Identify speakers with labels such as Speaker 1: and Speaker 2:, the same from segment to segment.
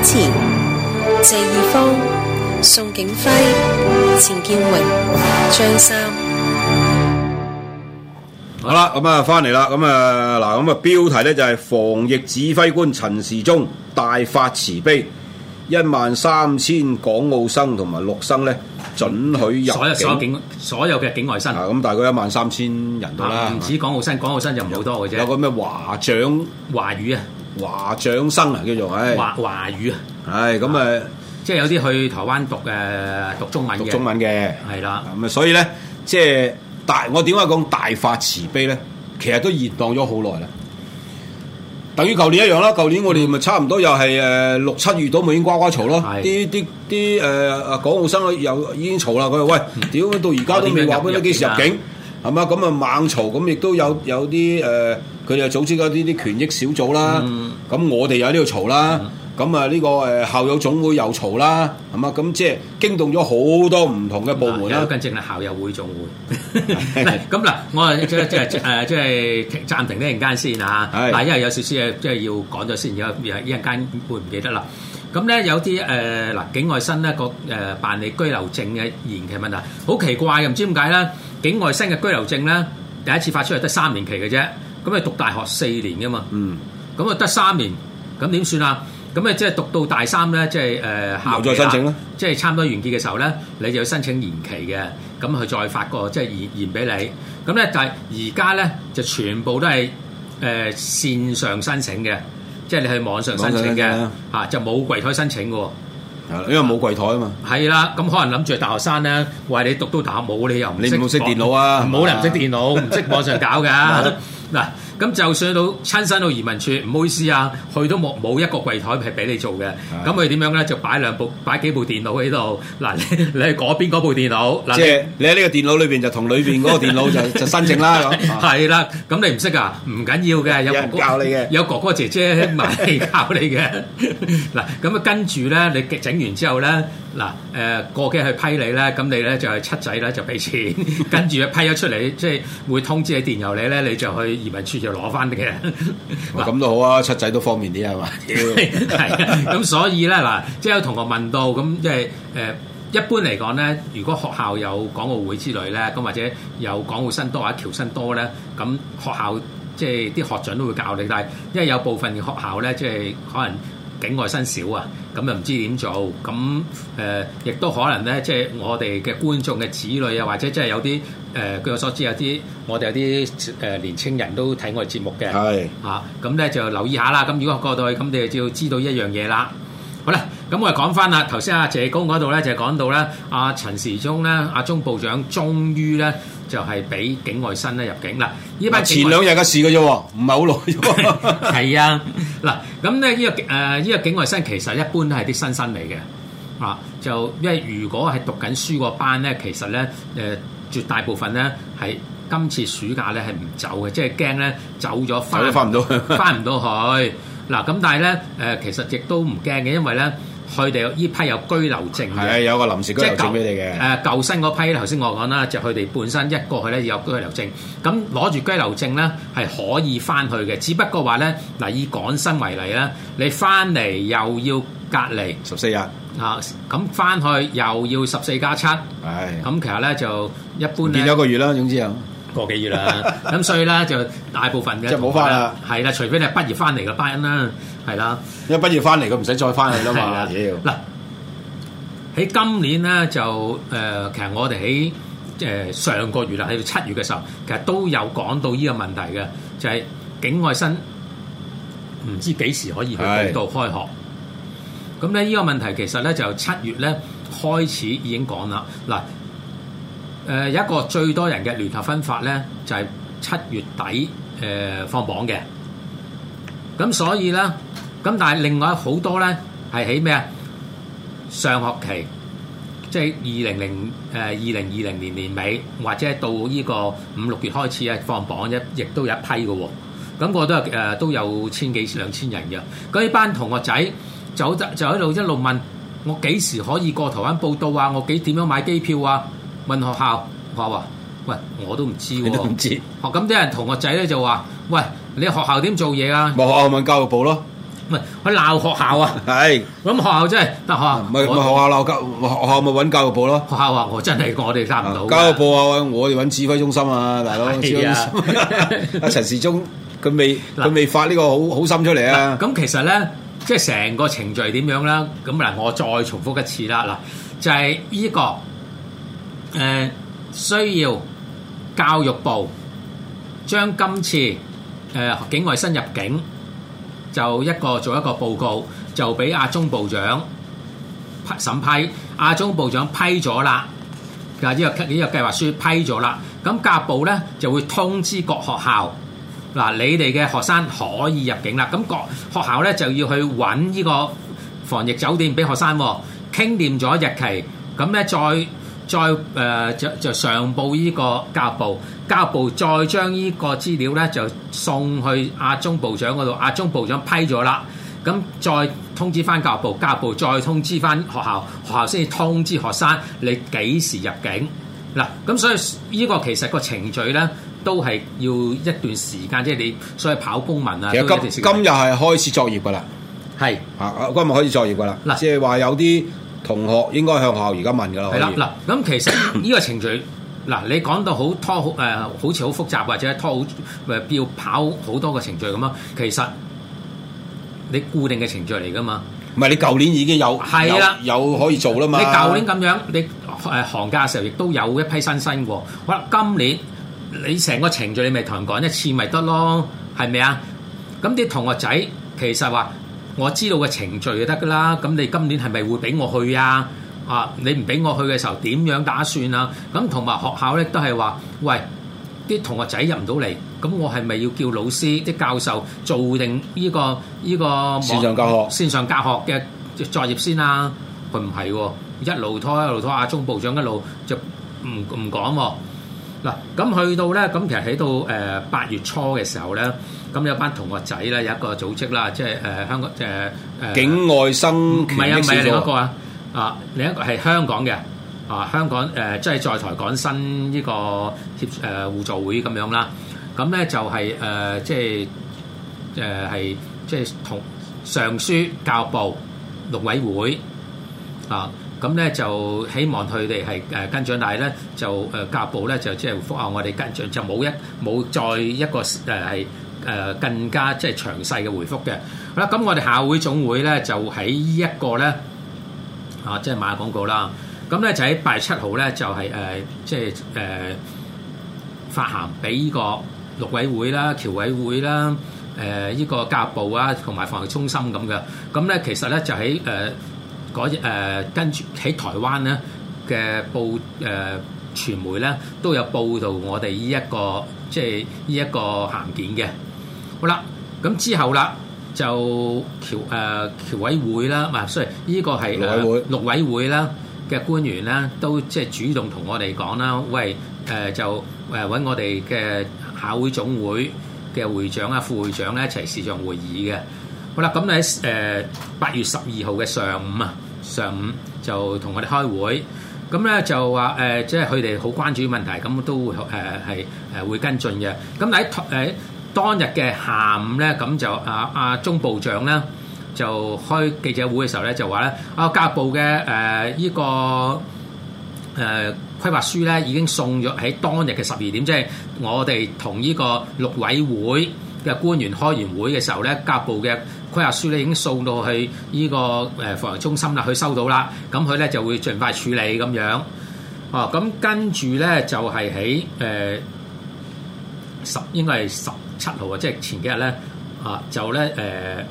Speaker 1: 主持謝義方、宋景輝、陳建榮、張三。好啦了，咁啊，翻嚟啦，咁啊，嗱，咁啊，標題咧就係、是、防疫指揮官陳時中大發慈悲，一萬三千港澳生同埋陸生咧，准許入境所有所
Speaker 2: 有所有嘅境外生啊，咁大概一萬三千人度啦。唔止港澳生，是港澳生就
Speaker 1: 唔好多嘅啫。有，有個咩華獎華語啊？華掌生啊，叫做誒、哎、華華語、哎、啊，係咁誒，即係有啲去台灣讀誒讀中文嘅，讀中文嘅係啦，咁的啊，所以咧，即係大我點解講大發慈悲咧？其實都延宕咗好耐啦，等於舊年一樣啦。舊年我哋咪差唔多又係誒六七月都已經呱呱嘈咯，啲啲啲誒港澳生啊又已經嘈啦。佢話喂，屌到而家都未話，畀你幾時入境係嘛？咁啊猛嘈，咁亦都有有啲誒。呃佢哋就組織咗呢啲權益小組啦，咁、嗯、我哋又喺呢度嘈啦，咁啊呢個誒校友總會又嘈啦，係嘛？咁即係驚動咗好多唔同嘅部門啦，
Speaker 2: 更、嗯、正咧校友會總會。唔咁嗱，我啊即係即係誒即係暫停呢間先嚇，係、啊，因為的有少少嘢，即係要講咗先，有有呢間會唔記得啦。咁咧有啲誒嗱境外生咧個誒辦理居留證嘅延期問題，好奇怪又唔知點解咧，境外生嘅居留證咧，第一次發出嚟得三年期嘅啫。咁咪讀大學四年㗎嘛？嗯，咁啊得三年，咁點算啊？咁你即係讀到大三咧，即係誒，校、呃、再申請啦，即係差唔多完結嘅時候咧，你就要申請延期嘅，咁佢再發個即係延延俾你。咁咧但係而家咧就全部都係誒、呃、線上申請嘅，即係你去網上申請嘅、啊、就冇櫃台申請嘅。係，因為冇櫃台啊嘛。係啦，咁可能諗住大學生咧，喂你讀到大學冇理由唔你唔識電腦啊？冇，你唔識電腦，唔識網上搞噶嗱。 咁就算到親身到移民處，唔好意思啊，佢都冇冇一個櫃台係俾你做嘅。咁佢點樣咧？就擺兩部，擺幾部電腦喺度。嗱，你喺嗰邊嗰部電腦。即係
Speaker 1: 你喺呢個電腦裏邊就同裏邊嗰個電腦就就申請啦。
Speaker 2: 係啦，咁你唔識啊？唔緊要嘅，有人教你嘅，有哥哥姐姐埋嚟教你嘅。嗱，咁啊跟住咧，你整完之後咧，嗱誒過幾日去批你啦。咁你咧就係七仔咧就俾錢，跟住批咗出嚟，即係會通知你電郵你咧，你就去移民處。攞翻啲
Speaker 1: 嘅，咁都好啊， 七仔都方便啲係嘛？係
Speaker 2: 咁 所以咧嗱，即係有同學問到，咁即係誒、呃，一般嚟講咧，如果學校有港澳會之類咧，咁或者有港澳生多或者僑生多咧，咁學校即係啲學長都會教你，但係因為有部分學校咧，即係可能境外生少啊，咁又唔知點做，咁誒亦都可能咧，即係我哋嘅觀眾嘅子女啊，或者即係有啲。誒據我所知有啲我哋有啲誒年青人都睇我哋節目嘅，係啊，咁咧就留意一下啦。咁如果過到去，咁你就要知道一樣嘢啦。好啦，咁我哋講翻啦，頭先阿謝工嗰度咧就講到咧阿、啊、陳時中咧阿中部長終於咧就係、是、俾境外生咧入境啦。呢班前兩日嘅事嘅啫喎，唔係好耐。係 啊，嗱咁咧呢個誒呢、呃呢個境外生其實一般都係啲新生嚟嘅，啊就因為如果係讀緊書個班咧，其實咧誒。呃絕大部分咧係今次暑假咧係唔走嘅，即係驚咧走咗翻都翻唔到，翻唔到去。嗱咁但係咧誒，其實亦都唔驚嘅，因為咧佢哋依批有居留證係
Speaker 1: 有個臨時居留證俾你嘅。誒
Speaker 2: 舊生嗰批頭先我講啦，就佢哋本身一過去咧有居留證，咁攞住居留證咧係可以翻去嘅，只不過話咧嗱以港生為例啦，你翻嚟又要。隔離十四日啊，咁翻去又要十四加七，咁的其實咧就一般咧，變
Speaker 1: 咗一個月啦。總之啊，
Speaker 2: 過幾月啦，咁 所以咧就大部分嘅，即係冇翻啦。係啦，除非你畢業翻嚟嘅班啦，係啦。因為畢業翻嚟佢唔使再翻去啦嘛。嗱的，喺的、啊、今年咧就誒、呃，其實我哋喺誒上個月啦，喺七月嘅時候，其實都有講到呢個問題嘅，就係、是、境外生唔知幾時可以去度開學。咁咧，呢個問題其實咧就七月咧開始已經講啦。嗱，誒有一個最多人嘅聯合分法咧，就係七月底誒放榜嘅。咁所以咧，咁但係另外好多咧係喺咩啊？上學期即係二零零誒二零二零年年尾，或者到呢個五六月開始啊放榜一，亦都有一批嘅喎。咁我都誒都有千幾兩千人嘅。咁呢班同學仔。就就喺度一路問我幾時可以過台灣報到啊？我幾點樣買機票啊？問學校，學校話：喂，我都唔知我、啊、都唔知道。學咁啲人同學仔咧就話：喂，你學校點做嘢啊？冇啊，問教育部咯。唔去佢鬧學校啊？係是。咁學校真、就、係、是不我，學校唔係唔學校鬧教校咪教育部咯？學校話我真係我哋差唔到。教
Speaker 1: 育部啊，我哋揾指揮中心啊，大佬。阿
Speaker 2: 陳時中佢未佢未發呢個好好心出嚟啊。咁其實咧。即係成個程序點樣啦？咁嗱，我再重複一次啦。嗱，就係呢個誒需要教育部將今次誒境外生入境就一個做一個報告，就俾阿中部長批審批。阿中部長批咗啦，嗱呢個呢個計劃書批咗啦。咁教育部咧就會通知各學校。嗱，你哋嘅學生可以入境啦。咁各學校咧就要去搵依個防疫酒店俾學生，傾掂咗日期。咁咧再再誒就就上報依個教育部，教育部再將依個資料咧就送去阿中部長嗰度，阿中部長批咗啦。咁再通知翻教育部，教育部再通知翻學校，學校先至通知學生你幾時入境。嗱，咁所以依個其實個程序咧。都係要一段時間，即係你所謂跑公民啊。其實今今今
Speaker 1: 日係開始作業噶啦，係啊是今日開始作業噶啦。嗱了，即係話有啲同學應該向校而家問噶啦。係啦，嗱，
Speaker 2: 咁其實呢個程序，嗱 你講到、呃、好拖好好似好複雜或者拖好誒、呃，要跑好多個程序咁咯。其實你固定嘅程序嚟噶嘛？唔係你舊年已經有係啦了，有可以做啦嘛？你舊年咁樣，你誒寒、呃、假嘅時候亦都有一批新新喎。好啦，今年。你成個程序你咪同人講一次咪得咯，係咪啊？咁啲同學仔其實話我知道個程序就得噶啦，咁你今年係咪會俾我去啊？啊，你唔俾我去嘅時候點樣打算啊？咁同埋學校咧都係話，喂，啲同學仔入唔到嚟，咁我係咪要叫老師啲教授做定呢個、呢個網線上教學線上教學嘅作業先啊？佢唔係喎，一路拖一路拖，阿中部長一路就唔唔講喎。嗱，咁去到咧，咁其實喺到誒八月初嘅時候咧，咁有班同學仔咧，有一個組織啦，即係誒香港誒誒境
Speaker 1: 外生唔係啊，唔係另一個啊，
Speaker 2: 啊另一個係香港嘅啊，香港誒即係在台港生呢個協誒互助會咁樣啦，咁咧就係誒即係誒係即係同上書教育部陸委會啊。咁咧就希望佢哋係誒跟進大咧，就誒教育部咧就即係覆下我哋跟進就冇一冇再一個誒係誒更加即係詳細嘅回覆嘅。好啦，咁我哋校會總會咧就喺依一個咧啊，即係買下廣告啦。咁咧就喺八月七號咧就係誒即係誒發行俾依個陸委會啦、僑委會啦、誒依個教育部啊，同埋防疫中心咁嘅。咁咧其實咧就喺誒。嗰誒跟住喺台灣咧嘅報誒傳媒咧都有報道我哋依一個即係依一個函件嘅。好啦，咁之後啦就僑誒僑委會啦，唔係，所以依個係陸委會啦嘅官員咧都即係主動同我哋講啦，喂誒就誒揾我哋嘅校會總會嘅會長啊、副會長咧一齊視像會議嘅。好啦，咁喺誒八月十二號嘅上午啊，上午就同我哋開會，咁咧就話誒，即係佢哋好關注呢個問題，咁都會誒係誒會跟進嘅。咁喺誒當日嘅下午咧，咁就阿阿鍾部長咧就開記者會嘅時候咧，就話咧，啊，甲部嘅誒呢個誒規劃書咧已經送咗喺當日嘅十二點，即係我哋同呢個陸委會嘅官員開完會嘅時候咧，甲部嘅。規劃書咧已經送到去呢個誒防疫中心啦，佢收到啦，咁佢咧就會盡快處理咁樣。哦、啊，咁跟住咧就係喺誒十應該係十七號啊，即係前幾日咧啊，就咧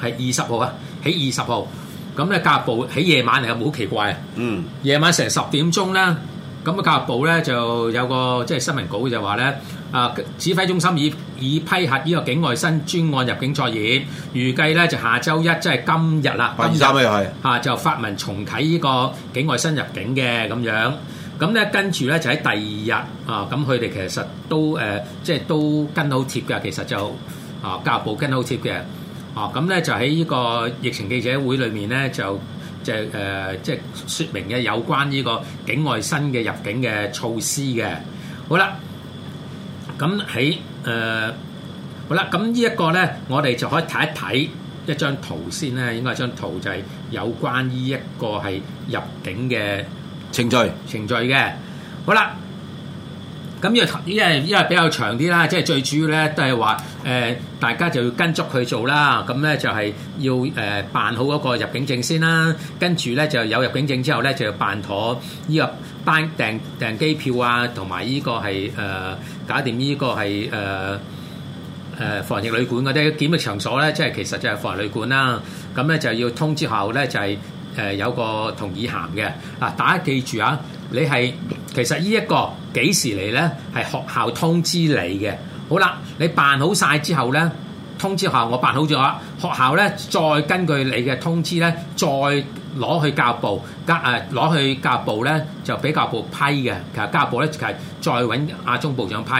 Speaker 2: 誒係二十號啊，喺二十號。咁、嗯、咧、嗯、教育部喺夜晚嚟嘅，冇好奇怪啊。嗯，夜晚成十點鐘咧，咁啊教育部咧就有個即係新聞稿就話咧啊，指揮中心已。已批核呢個境外新專案入境作業，預計咧就下周一，即係今日啦，八二三又係就發文重啟呢個境外新入境嘅咁樣。咁咧跟住咧就喺第二日啊，咁佢哋其實都誒、呃，即係都跟得好貼嘅。其實就啊，教育部跟得好貼嘅。哦、啊，咁、嗯、咧就喺呢個疫情記者會裏面咧，就即係誒，即係説明嘅有關呢個境外新嘅入境嘅措施嘅。好啦，咁喺。誒、嗯、好啦，咁呢一個咧，我哋就可以睇一睇一張圖先咧。應該係張圖就係有關於一個係入境嘅程序程序嘅。好啦，咁因為因為因為比較長啲啦，即係最主要咧都係話誒，大家就要跟足佢做啦。咁咧就係要誒、呃、辦好嗰個入境證先啦。跟住咧就有入境證之後咧就要辦妥呢、呢個班訂訂機票啊，同埋呢個係誒。呃搞掂呢個係誒誒防疫旅館嗰啲檢疫場所咧，即係其實就係防疫旅館啦。咁咧就要通知學校咧，就係、是、誒、呃、有個同意函嘅。嗱，大家記住啊，你係其實、這個、呢一個幾時嚟咧？係學校通知你嘅。好啦，你辦好晒之後咧，通知學校我辦好咗，學校咧再根據你嘅通知咧再。攞去教育部，加誒攞去教育部咧就俾教育部批嘅，其實教育部咧就係再揾阿中部長批。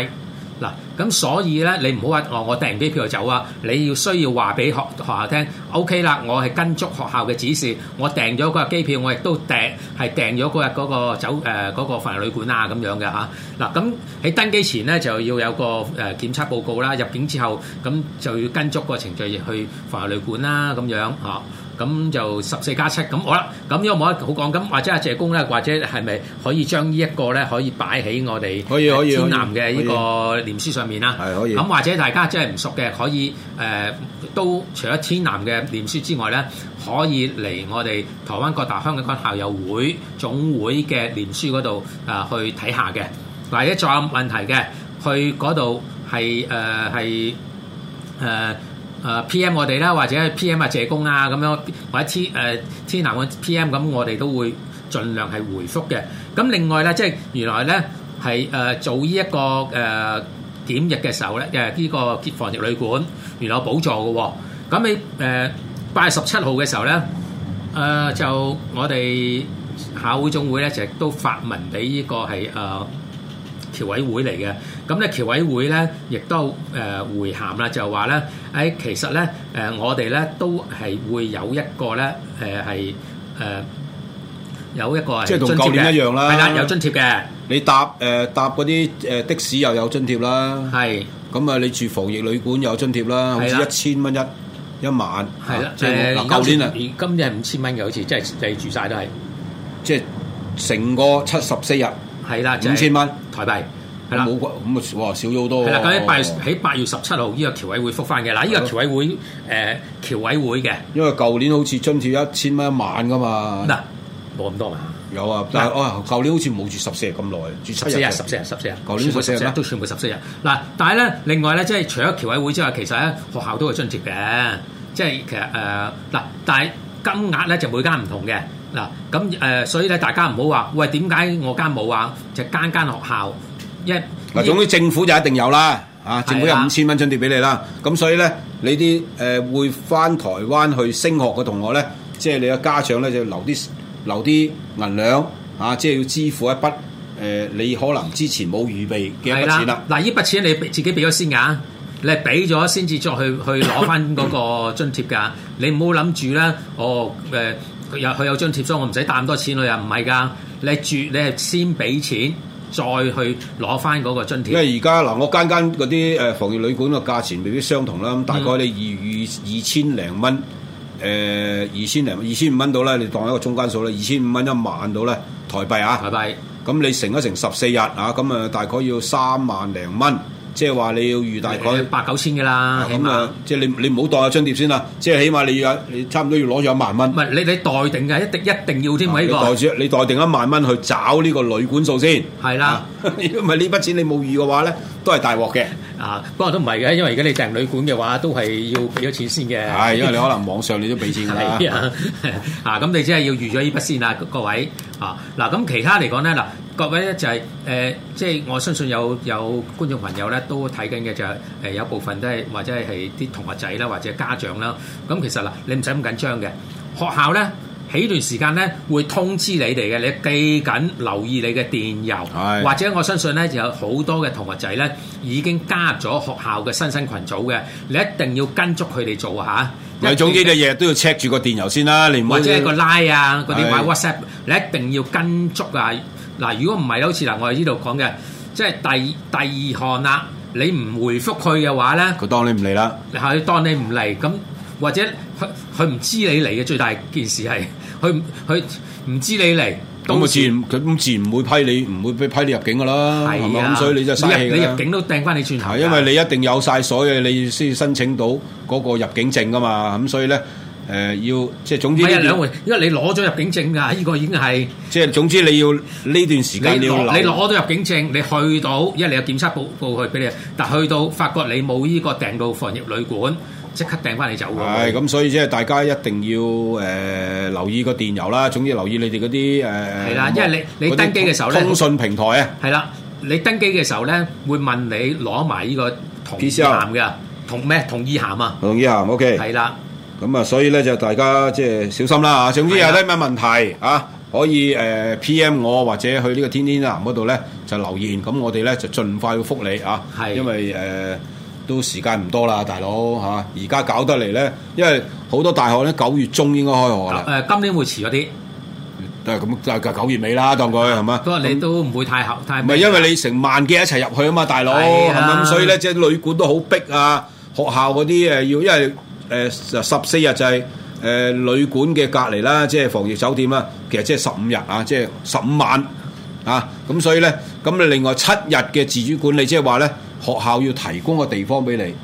Speaker 2: 嗱，咁所以咧你唔好話我我訂完機票就走啊！你要需要話俾學學校聽，OK 啦，我係跟足學校嘅指示，我訂咗嗰日機票，我亦都訂係訂咗嗰日嗰個酒誒嗰個飯店旅館啊咁樣嘅嚇。嗱，咁喺登機前咧就要有個誒檢測報告啦，入境之後咁就要跟足個程序去飯店旅館啦咁樣嚇。咁就十四加七咁，7, 好啦咁有冇好講？咁或者阿謝工咧，或者係咪可以將呢一個咧，可以擺喺我哋天南嘅呢個臉書上面啦？係可以。咁或者大家真係唔熟嘅，可以、呃、都除咗天南嘅臉書之外咧，可以嚟我哋台灣各大香港學校友會總會嘅臉書嗰度、呃、去睇下嘅。嗱一再有問題嘅，去嗰度係誒 P.M. 我哋啦，或者 P.M. 阿謝工啊，咁樣或者天誒天南嘅 P.M. 咁，我哋都會盡量係回覆嘅。咁另外咧，即係原來咧係誒做依一個誒檢疫嘅時候咧，嘅呢個結防疫旅館原來有補助嘅喎。咁你誒八月十七號嘅時候咧，誒就我哋考會總會咧，就都發文俾依個係誒僑委會嚟嘅。咁咧，僑委會咧，亦都誒回函啦，就話咧，誒其實咧，誒我哋咧都係會有一個咧，誒係誒有一個係，即係同舊年一樣啦，係啦，有津貼
Speaker 1: 嘅。你搭誒搭嗰啲誒的士又有津貼啦，係。咁啊，你住防疫旅館有津貼啦，好似一千蚊一一晚。係啦，即係嗱，舊年啊，而
Speaker 2: 今年係五千蚊嘅，好似即係住住曬都係，即係成個七十四日係啦，五千蚊台幣。係啦，冇咁啊！少咗好多。係啦，咁喺八喺八月十七號，呢、這個僑委會復翻嘅嗱。呢的個僑委會誒，僑、呃、委會嘅。因為舊年
Speaker 1: 好似津貼一千蚊一晚㗎嘛。嗱，冇咁多嘛。有啊，但係的哦，舊年好似
Speaker 2: 冇住十四日咁耐，住十四日十四日十四日。舊年十四日都全部十四日嗱。但係咧，另外咧，即係除咗僑委會之外，其實咧學校都係津貼嘅，即係其實誒嗱、呃，但係金額咧就每間唔同嘅嗱。咁誒、呃，所以咧大家唔好話喂，點解我間冇啊？就間、是、間學校。嗱，yeah,
Speaker 1: yeah, 總之政府就一定有啦，嚇 Yeah.、啊，政府有五千蚊津貼俾你啦。咁所以咧，你啲誒、呃、會翻台灣去升學嘅同學咧，即係你嘅家長咧，就要留啲留啲銀兩嚇、啊，即係要支付一筆誒、呃，你可能之前冇預備
Speaker 2: 嘅一筆錢啦。嗱，呢筆錢你自己俾咗先啊，你係俾咗先至再去去攞翻嗰個津貼㗎。 你唔好諗住啦，哦，誒、呃，佢有佢有津貼，所以我唔使帶多錢咯，又唔係㗎。你住你係先俾錢。再去攞翻嗰個津貼。因為而
Speaker 1: 家嗱，我間間嗰啲誒防疫旅館個價錢未必相同啦，咁大概你二二二千零蚊，二千零、呃、二,二千五蚊到咧，你當一個中間數咧，二千五蚊一萬到咧台幣啊，台幣拜，咁你乘一乘十四日啊，咁啊，大概要三萬零蚊。即係話你要預大概八九千嘅啦，起碼即係你你唔好袋下張碟先啦，即係起碼你要一你差唔多要攞咗一萬蚊。唔係你你代定嘅，一定一定要添喎呢個。你袋住，你代定一萬蚊去找呢個旅館數先。係啦，如果唔係呢筆錢你冇預嘅話咧，都係大鑊嘅。啊，不過都
Speaker 2: 唔係嘅，因為而家你訂旅館嘅話，都係要俾咗錢先嘅。係因為你可能
Speaker 1: 網上你都俾錢㗎啦。
Speaker 2: 嚇咁你即係要預咗呢筆先啊，各位。啊！嗱，咁其他嚟講咧，嗱，各位咧就係誒，即係我相信有有觀眾朋友咧都睇緊嘅，就係誒有部分都係或者係啲同學仔啦，或者家長啦。咁其實嗱，你唔使咁緊張嘅，學校咧。起段時間咧，會通知你哋嘅。你記緊留意你嘅電郵，是的 或者我相信咧，有好多嘅同學仔咧已經加入咗學校嘅新生群組嘅。你一定要跟足佢哋做下。有總之啲嘢
Speaker 1: 都要 check 住個電郵先啦，你唔或者個
Speaker 2: line 啊嗰啲咩 WhatsApp，你一定要跟足啊。嗱，如果唔係，好似嗱我哋呢度講嘅，即係第第二項啦，你唔回覆佢嘅話咧，佢當你唔嚟啦。佢當你唔嚟咁。或者佢佢唔知你嚟嘅，最大件事係佢佢唔知你嚟，咁自然
Speaker 1: 佢咁自然唔會批你，唔會批批你入境噶啦，係咪？咁所以你就嘥氣啦。你入
Speaker 2: 境都掟翻你轉頭，係因為你
Speaker 1: 一定有晒所有，你先申請到嗰個入境證噶嘛，咁所以咧，誒，要即係總之，因為一兩回，
Speaker 2: 因為你攞咗入境證噶，呢個已經係即係總之你
Speaker 1: 要呢段時間你要留，你攞
Speaker 2: 到入境證，你去到因為你有檢測報告去俾你，但去到發覺你冇呢個訂到防疫旅館。即刻掟翻你走！係咁，
Speaker 1: 所以即係大家一定要誒留意個電郵啦。總之留意你哋嗰啲誒。係啦，因為你你登機嘅時候咧，通訊平台啊。
Speaker 2: 係啦，你登機嘅時候咧，會問你攞埋呢個同意函嘅同咩？同意函啊。
Speaker 1: 同意函 OK。係啦，咁啊，所以咧就大家即係小心啦嚇。總之有啲乜問題啊，可以誒 PM 我或者去呢個天天天藍嗰度咧就留言。咁我哋咧就盡快要覆你啊。係。因為誒。都時間唔多啦，大佬嚇！而、啊、家搞得嚟咧，因為好多大學咧九月中應該開學啦。
Speaker 2: 誒、呃，今年會遲咗啲。
Speaker 1: 都係咁，都係九月尾啦，當佢係嘛。都係你
Speaker 2: 都唔會太合太。唔係因
Speaker 1: 為你成萬幾一齊入去啊嘛，大佬係嘛？咁、啊、所以咧，即、就、係、是、旅館都好逼啊。學校嗰啲誒要，因為誒十四日就係、就、誒、是呃、旅館嘅隔離啦，即係防疫酒店啊，其實即係十五日啊，即係十五晚。啊。咁所以咧，咁你另外七日嘅自主管理說，即係話咧。學校要提供個地方俾你，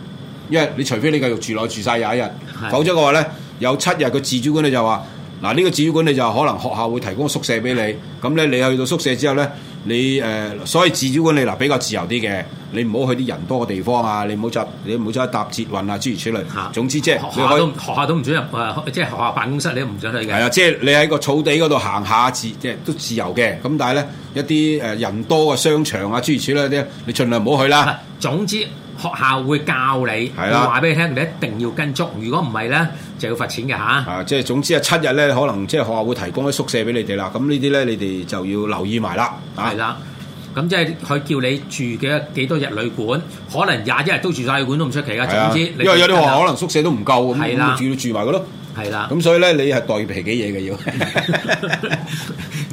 Speaker 1: 因為你除非你繼續住落住晒廿一日，是的 否則嘅話咧，有七日、個自主管理就話，嗱，呢個自主管理就可能學校會提供宿舍俾你，咁咧，你去到宿舍之後咧。你誒、呃，所以自主管理嗱比較自由啲嘅，你唔好去啲人多嘅地方啊！你唔好執，你唔好執搭捷運啊，諸如此類。總之即係，學校都
Speaker 2: 學校都唔准入誒，即係、就是、學校辦公室你都唔准入嘅。係
Speaker 1: 啊，即、就、係、是、你喺個草地嗰度行下自，即係都自由嘅。咁但係咧，一啲誒人多嘅商場啊，諸如此類啲，你盡量唔好去啦。總之
Speaker 2: 學校會教你，我話俾你聽，你一定要跟足。如果唔係咧。就要罰錢嘅吓？啊！啊即係
Speaker 1: 總之啊，七日咧，可能即係學校會提供啲宿舍俾你哋啦。咁呢啲咧，你哋就要留意埋啦。
Speaker 2: 係、啊、啦，咁即係佢叫你住嘅幾多幾多日旅館，可能廿一日都住晒旅館都唔出奇噶。的總之，因為有啲學校可能
Speaker 1: 宿舍都唔夠咁，都的住都住埋嘅咯。係啦，咁所以咧，你係袋皮嘅嘢嘅要，
Speaker 2: 唔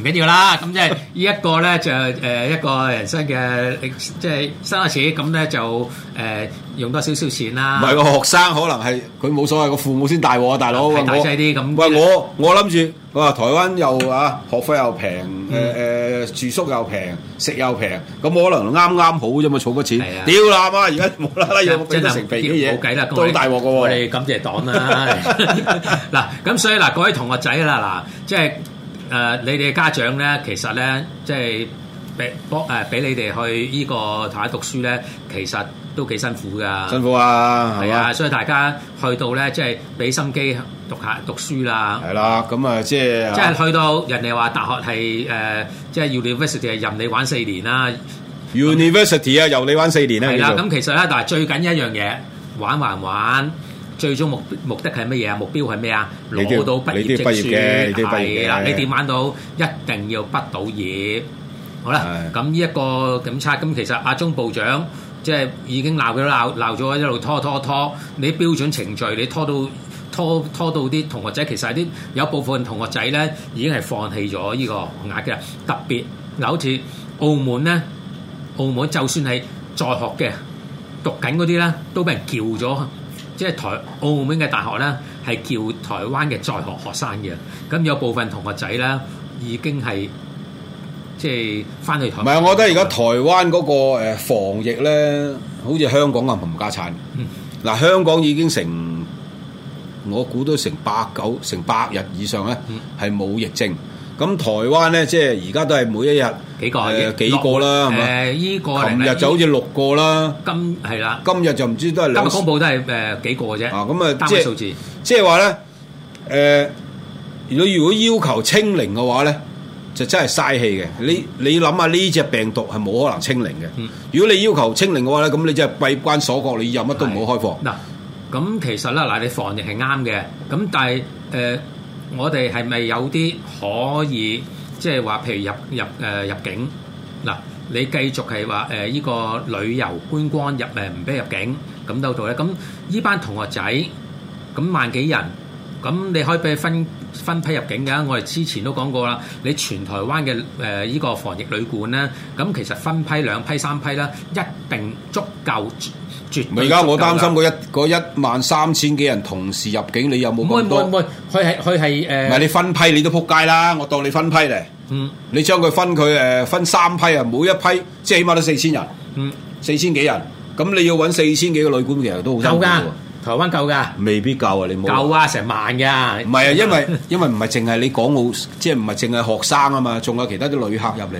Speaker 2: 緊要啦。咁即係呢一個咧，就誒、呃、一個人生嘅即係新開始。咁咧就誒。呃用多少少錢啦，唔係個學
Speaker 1: 生可能係佢冇所謂，個父母先大鑊啊，大佬。係大劑啲咁。喂，我我諗住，哇，台灣又啊，學費又平，誒誒，住宿又平，食又平，咁可能啱啱好啫嘛，儲咗錢，屌
Speaker 2: 啦媽，而家冇啦啦又俾咗成皮嘅嘢，冇計啦，都好大鑊噶喎，我哋感謝黨啦。嗱，咁所以嗱，各位同學仔啦，嗱，即係誒，你哋嘅家長咧，其實咧，即係。俾幫俾你哋去依個睇下讀書咧，其實都幾辛苦噶。辛苦啊！係啊，所以大家去到咧，即係俾心機讀下讀書啦。係
Speaker 1: 啦，咁啊、就是，即係即係
Speaker 2: 去到人哋話大學係誒，即、呃、係、就是、University 係任你玩四年啦。
Speaker 1: University 啊那，由你玩四年啦。係啦的，咁
Speaker 2: 其實咧，但係最緊一樣嘢，玩還玩，玩，最終目目的係乜嘢啊？目標係咩啊？攞到畢業證書係啦，你點玩到一定要畢到業。好啦，咁呢一個警察，咁其實阿中部長即係已經鬧佢鬧鬧咗，一路拖拖拖，拖。你標準程序，你拖到拖拖到啲同學仔，其實有部分同學仔咧已經係放棄咗呢個額嘅。特別有好似澳門咧，澳門就算係在學嘅讀緊嗰啲咧，都俾人叫咗。即係台澳門嘅大學咧，係叫台灣嘅在學學生嘅。咁有部分同學仔咧已經係。即係翻去，唔係我覺得
Speaker 1: 而家台灣嗰個防疫咧，好似香港咁冚家鏟。嗱、嗯，香港已經成我估都成八九成百日以上咧，係冇、嗯、疫症。咁台灣咧，即係而家都係每一日幾個啊、呃？幾個啦？誒、呃，依、這
Speaker 2: 個琴日就好似
Speaker 1: 六個啦。
Speaker 2: 今係啦，
Speaker 1: 是今日就唔知都係。今日公佈都係誒、呃、幾個啫。啊，咁、嗯、啊，單位數字。即係話咧，誒，如果如果要求清零嘅話咧。就真係嘥氣嘅，你你諗下呢隻病毒係冇可能清零嘅。如果你要求清零嘅話咧，咁你真係閉關鎖國，你又乜都唔好開放。
Speaker 2: 嗱，咁其實咧嗱，你防疫係啱嘅。咁但係誒，我哋係咪有啲可以即係話，譬如入入誒入境嗱，你繼續係話誒依個旅遊觀光入誒唔俾入境，咁都好做咧。咁依班同學仔咁萬幾人，咁你可以俾佢分分批入境嘅，我哋之前都講過啦。你全台灣嘅誒呢個防疫旅館咧，咁其實分批兩批三批啦，一定足夠，絕對足夠。而家我擔心嗰
Speaker 1: 一一萬三千幾人同時入境，你有冇？唔會佢
Speaker 2: 係佢係誒。唔係、呃、你
Speaker 1: 分批，你都撲街啦！我當你分批嚟，嗯。你將佢分佢誒分三批啊，每一批即係起碼都四千人。嗯。四千幾人，咁你要搵四千幾個旅館的，其實都好辛苦㗎。台灣夠㗎，未必夠啊！你冇夠啊，
Speaker 2: 成萬㗎。唔係啊，因為
Speaker 1: 因為唔係淨係你港澳，即係唔係淨係學生啊嘛，仲有其他啲旅客入嚟。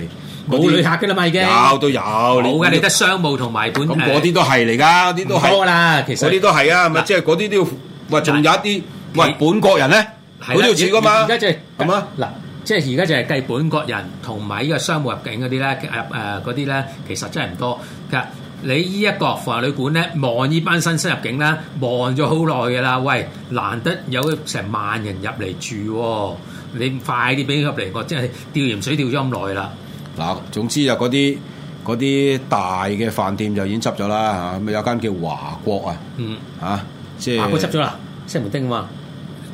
Speaker 1: 冇旅客㗎啦嘛已經。有都有。冇㗎，你得
Speaker 2: 商務同埋本。咁嗰啲都係
Speaker 1: 嚟㗎，啲都係多啦。其實嗰啲都係啊，咪即係嗰啲都要。喂，仲有一啲。喂，本國人咧，嗰啲都要㗎嘛？而家即
Speaker 2: 係咁啊。嗱，即係而家就係計本國人同埋呢個商務入境嗰啲咧，誒誒嗰啲咧，其實真係唔多㗎。你依一個富豪旅館咧，望呢班新息入境啦，望咗好耐嘅啦。喂，難得有成萬人入嚟住，你快啲俾佢入嚟喎！即係吊鹽水吊咗咁耐啦。嗱，
Speaker 1: 總之就嗰啲嗰啲大嘅飯店就已經執咗啦嚇，咪有間叫華國、嗯、啊，嗯，嚇，華國執咗啦，西門町嘛，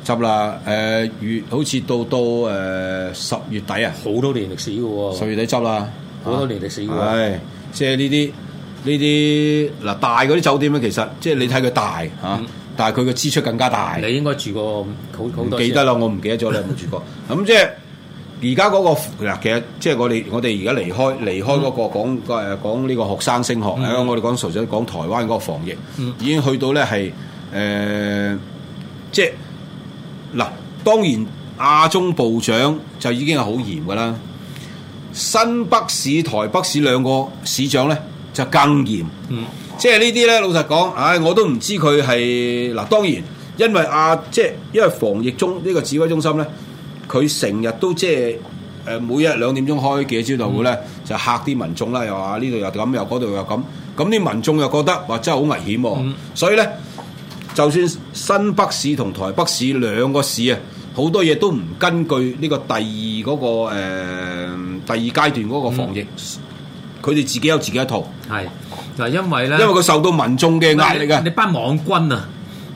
Speaker 1: 執、呃、啦。誒，月好似到到誒十月底啊，好多年歷史嘅喎、啊，十月底執啦，好、啊、多年歷史嘅、啊，係即係呢啲。呢啲嗱大嗰啲酒店咧，其實即係你睇佢大吓，但係佢嘅支出更加大。
Speaker 2: 你應該住過好好多。唔記得啦，我
Speaker 1: 唔記得咗你有冇住過。咁即係而家嗰個嗱，其實即係我哋我哋而家離開離開嗰個講誒講呢個學生升學，嗯、我哋講純粹講台灣嗰個防疫，嗯、已經去到咧係誒即係嗱，當然亞中部長就已經係好嚴㗎啦，新北市、台北市兩個市長咧。就更嚴，嗯、即係呢啲咧，老實講，唉、哎，我都唔知佢係嗱，當然，因為啊，即係因為防疫中呢、呢個指揮中心咧，佢成日都即係誒，每日兩點鐘開幾次通會咧，嗯、就嚇啲民眾啦，又話呢度又咁，又嗰度又咁，咁啲民眾又覺得話、啊、真係好危險、啊，嗯、所以咧，就算新北市同台北市兩個市啊，好多嘢都唔根據呢個第二嗰、嗰個、呃、第二階段嗰個防疫。嗯佢哋自己有自己一套，係嗱，
Speaker 2: 就是、因為咧，因為佢
Speaker 1: 受到民眾嘅壓力啊！你班網軍啊，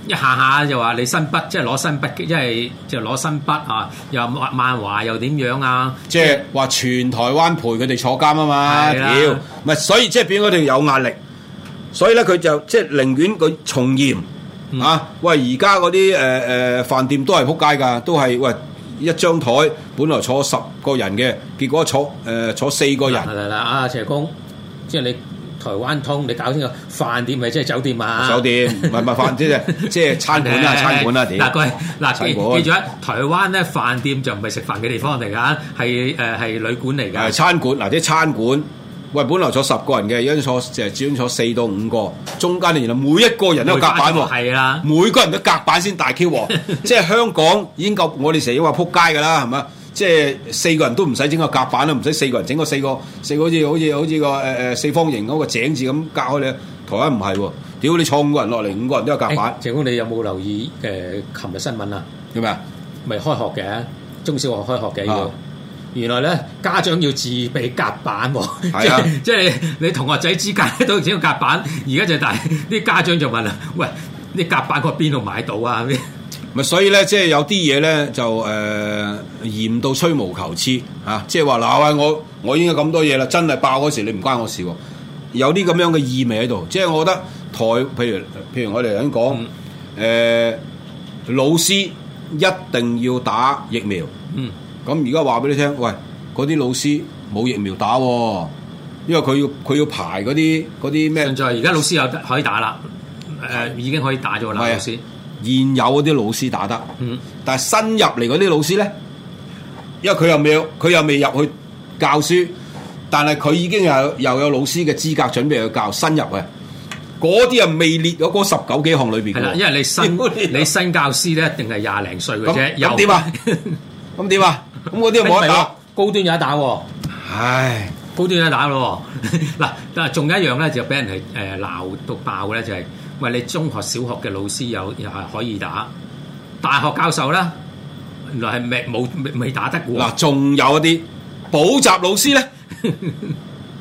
Speaker 2: 一下下就話你新北，即係攞新北，即係即係攞新北啊！又萬華又點樣啊？
Speaker 1: 即係話全台灣陪佢哋坐監啊嘛！屌，唔係所以即係俾佢哋有壓力，所以咧佢就即係、就是、寧願佢從嚴啊！喂，而家嗰啲誒誒飯店都係撲街噶，都係喂。一張枱本來坐十個人嘅，結果坐、呃、坐四個人。
Speaker 2: 嗱嗱、啊，阿謝公，即係你台灣通，你搞清楚、啊店， 飯店，咪即係酒店啊？酒店
Speaker 1: 唔係唔係飯即係即係
Speaker 2: 餐館啊餐館啦、啊。嗱、啊啊，各位嗱、啊、館記,記住啊，台灣咧飯店就唔係食飯嘅地方嚟噶，係誒係旅館嚟㗎。誒、啊，餐
Speaker 1: 館嗱者餐館。啊喂，本來坐十個人嘅，因坐就只要坐四到五個，中間原來每一個人都有夾板喎，係啦，每個人都夾板先大 Q 喎， 即係香港已經夠我哋成日話撲街㗎啦，係咪？即係四個人都唔使整個夾板啦，唔使四個人整個四個四個好，好似好似好似個、呃、四方形嗰個井字咁隔開你。台灣唔係喎，屌你坐五個
Speaker 2: 人落嚟，五個人都有夾板。謝工、欸，你有冇留意誒？琴、呃、日新聞啊？做咩啊？咪開學嘅、啊，中小學開學嘅要、啊。原來咧，家長要自備夾板喎、係啊，即係即係你同學仔之間都要用夾板。而家就大啲家長就問啦，喂，啲夾板喺邊度買到啊？
Speaker 1: 咪所以咧、就是呃啊，即係有啲嘢咧就誒嚴到吹毛求疵嚇，即係話嗱，我我已經咁多嘢啦，真係爆嗰時你唔關我事喎。有啲咁樣嘅意味喺度，即係我覺得台譬如譬如我哋頭先講誒老師一定要打疫苗。嗯。咁而家話俾你聽，喂，嗰啲老師冇疫苗打，因為佢要佢要排嗰啲啲咩？現在而家老師又可以打啦，誒、呃，已經可以打咗啦。係啊，先現有嗰啲老師打得，
Speaker 2: 嗯，
Speaker 1: 但係新入嚟嗰啲老師咧，因為佢又未佢又未入去教書，但係佢已經有又有老師嘅資格準備去教新入嘅，嗰啲人未列咗
Speaker 2: 嗰十九幾項裏邊。係啦，因為你新你新教師咧，一定係廿零歲嘅啫。咁點那又 啊？咁點 啊？咁嗰啲冇得打，高端有得打喎、哦。唉，高端有得打咯、哦。嗱， 但係仲有一樣咧，就俾人係誒鬧到爆嘅咧、就是，就係喂，你中學、小學嘅老師有又係可以打，大學教授咧，原來係未冇未打得過。嗱，仲有一啲補習老師咧，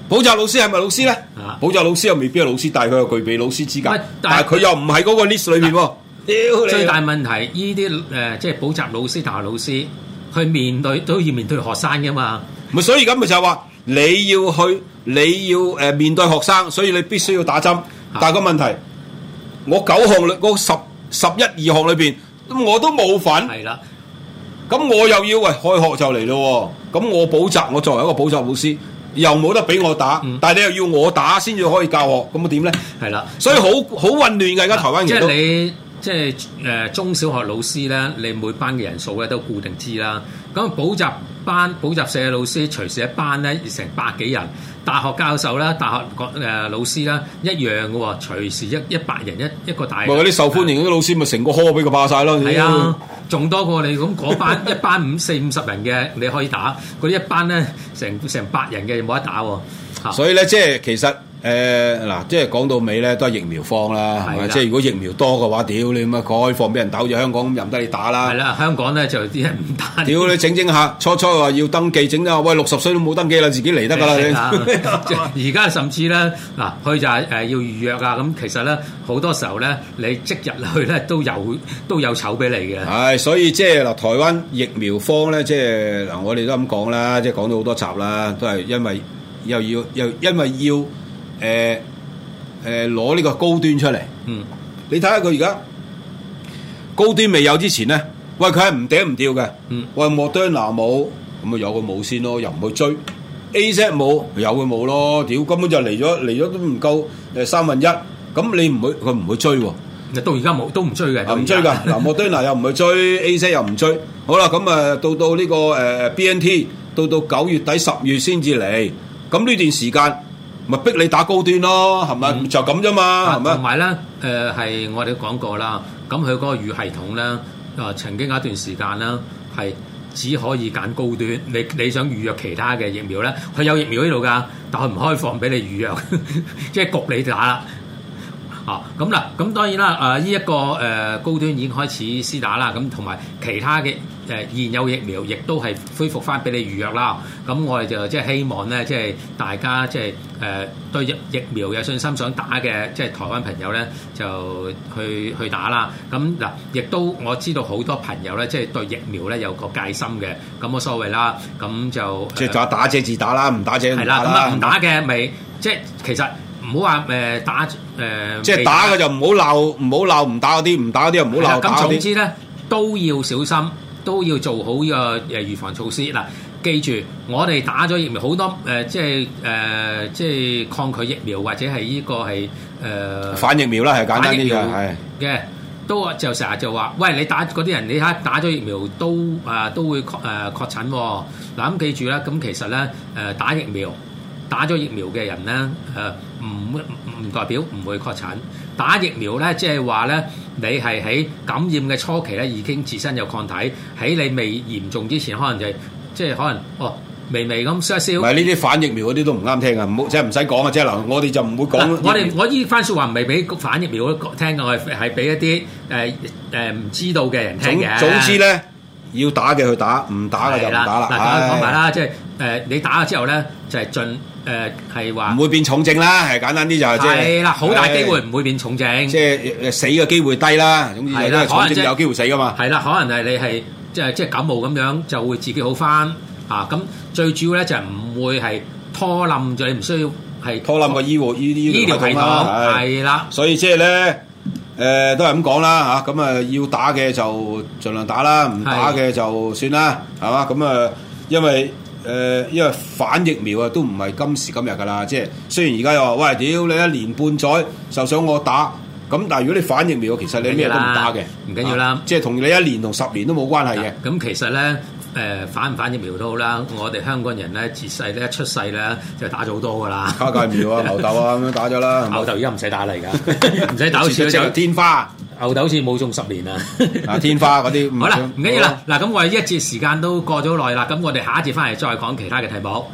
Speaker 1: 補習老師係咪老師咧？ 補習老師又、啊、未必係老師，但係佢又具備老師資格，但係佢又唔係嗰個 list 裏面喎。
Speaker 2: 屌你、啊！啊、最大問題呢啲誒，即係、啊呃就是、補習老師，大學老師。去面對都要面對學生㗎嘛，唔係所以咁咪就係話你要
Speaker 1: 去，你要誒面對學生，所以你必須要打針。但係個問題，我九項裏個十十一二項裏邊我都冇份，係啦。咁我又要喂，開學就嚟咯，咁我補習，我作為一個補習老師又冇得俾我打，但係你又要我打先至可以教學，咁我點咧？係啦，所以好好混亂嘅而家台灣人都。
Speaker 2: 即係誒、呃、中小學老師咧，你每班嘅人數咧都固定知啦。咁補習班補習社嘅老師隨時一班咧，成百幾人。大學教授啦，大學各、呃、老師啦，一樣嘅喎。隨時一一百人一一個大人。咪啲受
Speaker 1: 歡迎嗰啲老師咪成個科俾佢霸晒咯。係啊，
Speaker 2: 仲多過你咁嗰班 一班五四五十人嘅你可以打，嗰啲一班咧成成百人嘅冇得打。所以
Speaker 1: 咧，即係其實。誒嗱、呃，即係講到尾咧，都係疫苗荒啦，是的是即係如果疫苗多嘅話，屌的你咁啊，開放俾人鬥住香港咁任得你打啦。
Speaker 2: 係啦，香港咧就啲人唔
Speaker 1: 打。屌你整整下，初初話要登記，整，整下，喂六十歲都冇登記啦，自己嚟得㗎啦的你。
Speaker 2: 而家的 甚至咧，嗱，佢就係誒要預約啊，咁其實咧好多時候咧，你即日去咧都有都有籌俾你嘅。
Speaker 1: 係，所以即係嗱，台灣疫苗荒咧，即係嗱，我哋都咁講啦，即係講咗好多集啦，都係因為又要又因為要。誒誒，攞呢個高端出嚟，嗯，你睇下佢而家高端未有之前咧，喂，佢係唔頂唔掉嘅，嗯，喂，Moderna 冇，咁咪有個冇先咯，又唔去追，AZ 冇，有個冇咯，屌根本就嚟咗嚟咗都唔夠誒三分一，咁你唔會佢唔會追，到
Speaker 2: 而家冇都唔追嘅，唔追噶，嗱
Speaker 1: Moderna 又唔去追，AZ 又唔追，好啦，咁啊到到呢個誒 BNT，到到九月底十月先至嚟，咁呢段時間。咪逼你打高端咯，係咪？嗯、就咁啫嘛，係咪？同
Speaker 2: 埋咧，誒、呃、係我哋都講過啦。咁佢嗰個預系統咧，啊、呃、曾經有一段時間咧，係只可以揀高端。你你想預約其他嘅疫苗咧，佢有疫苗喺度噶，但佢唔開放俾你預約，呵呵即係焗你打啦。哦、啊，咁嗱，咁當然啦。誒、呃，依、這、一個誒、呃、高端已經開始施打啦。咁同埋其他嘅。誒現有疫苗，亦都係恢復翻俾你預約啦。咁我哋就即係希望咧，即係大家即係誒對疫苗有信心想打嘅，即係台灣朋友咧就去去打啦。咁嗱，亦都我知道好多朋友咧，即係對疫苗咧有個戒心嘅，咁冇所謂啦。咁就即係打打
Speaker 1: 者自打啦，唔打者唔打啦。唔打
Speaker 2: 嘅咪即係其實唔好話誒打誒。即係打嘅、
Speaker 1: 呃、就唔好鬧，唔好鬧唔打嗰啲，唔打嗰啲又唔好鬧。咁總之
Speaker 2: 咧都要小心。都要做好呢個誒預防措施嗱，記住我哋打咗疫苗好多誒、呃，即係誒、呃，即係抗拒疫苗或者係呢個係誒、呃、反疫苗啦，係簡單啲嘅係嘅，的都就成日就話，喂，你打嗰啲人，你睇吓打咗疫苗都啊都會確誒、呃、確診嗱、哦、咁記住啦，咁其實咧誒、呃、打疫苗。打咗疫苗嘅人咧，誒唔唔代表唔會確診。打疫苗咧，即係話咧，你係喺感染嘅初期咧，已經自身有抗體，喺你未嚴重之前，可能就係即係可能哦，微微咁燒一燒。唔係呢啲
Speaker 1: 反疫苗嗰啲都唔啱聽啊！唔好即係唔使講啊！即係嗱，我哋就唔會講。我哋
Speaker 2: 我呢番説話唔係俾反疫苗嗰個聽嘅，我係係俾一啲誒誒唔知道嘅人聽嘅。總之咧，要打
Speaker 1: 嘅去打，唔打嘅就唔打啦。嗱講埋啦，
Speaker 2: 即係誒你打咗之後咧，就係盡。誒係話唔會
Speaker 1: 變重症啦，係簡單啲就係即係啦，好大機會
Speaker 2: 唔會變重症，即係死嘅機會低啦。總之都係重症有機會死㗎嘛。係啦，可能係你係即係即係感冒咁樣就會自己好返啊。咁最主要咧就唔會係拖冧咗，你唔需要係拖冧個醫護醫醫療系統。係啦，所以即係咧
Speaker 1: 誒都係咁講啦嚇。咁啊要打嘅就儘量打啦，唔打嘅就算啦，係嘛？咁啊因為。誒、呃，因為反疫苗啊，都唔係今時今日噶啦，即係雖然而家又話，喂，屌你一年半載就想我打，咁但係如果你反疫苗，其實你咩都唔打嘅，唔
Speaker 2: 緊要啦，係啦啊、即係同你一年同十年都冇關係嘅。咁、啊、其實咧，誒、呃，反唔反疫苗都好啦，我哋香港人咧，自細咧一出世咧就打咗好多噶啦，卡介苗啊、牛痘 啊咁樣打咗啦，牛痘而家唔使打嚟，而唔使打少少 天花。牛痘好似冇種十年啊，天花嗰啲。 不想好啦，唔緊要啦。嗱吧，咁我哋一節時間都過咗好耐啦，咁我哋下一節返嚟再講其他嘅題目。